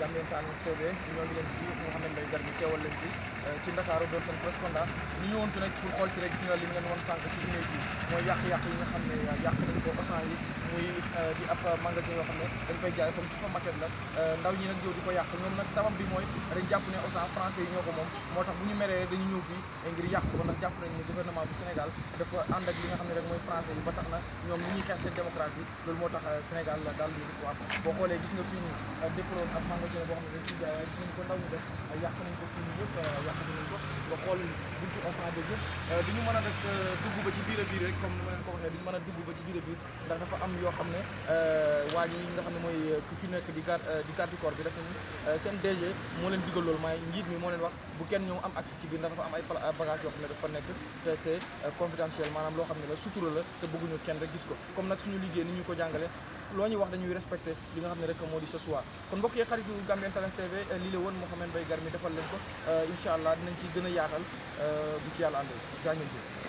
Gambian Talents TV ñoo ngi leen fii nga xam ne Ndeye Garmi teewal leen fi eh, ci Ndakaaru doon seen correspondant ñu ñëwoon fi nag pour xool si rek gis nga li ngeen woon sànq ci image yi mooy yàq-yàq yi nga xam ne yàq ko Auchan yi muy euh, di ab euh, magasin yoo xam ne dañ koy jaay comme supermarket la euh, ndaw ñi nag ñëw di ko yàq ñoom nag sabab bi mooy dañ jàpp ne Auchan français yi ñoo ko moom moo tax bu ñu meree dañu ñëw fii ngir yàq ko ndax jàpp nañ ne gouvernement bu Sénégal dafa ànd ak li nga xam ne rek mooy français yi ba tax na ñoom ñi ñuy xeex seen démocratie loolu moo tax Sénégal daal ñu di ko wax boo xoolee gis nga fii nii déploon ab magasin boo xam ne dañ fii nii yëpp yàq ba xool buntu Auchan boobu euh, du ñu mën a euh, dugg ba ci biir a biir rek comme ni ma ko waxee du ñu mën a dugg ba ci biir a biir ndax dafa am yoo xam ne euh, waa ji nga xam ne mooy ku fi nekk di garde di garde du corps bi rek seen DG moo leen digal loolu maay njiit mi moo leen wax bu kenn ñëw am accès ci biir ndax dafa am ay bagage yoo xam ne dafa nekk te c'est confidentiel maanaam loo xam ne la sutura la te bëgguñu kenn rek gis ko comme nag suñu liggéey ni ñu ko jàngale loo ñuy wax dañuy respecté li nga xam ne rek moo di ce soir kon mbokk yi xaritu Gambian Talents TV eh, lii la woon Mouhamed Mbaye Garmi defal leen ko eh, incha allah dinañ ci gën a yaatal eh, bu ci yàlla àndee jaa ngeen jëf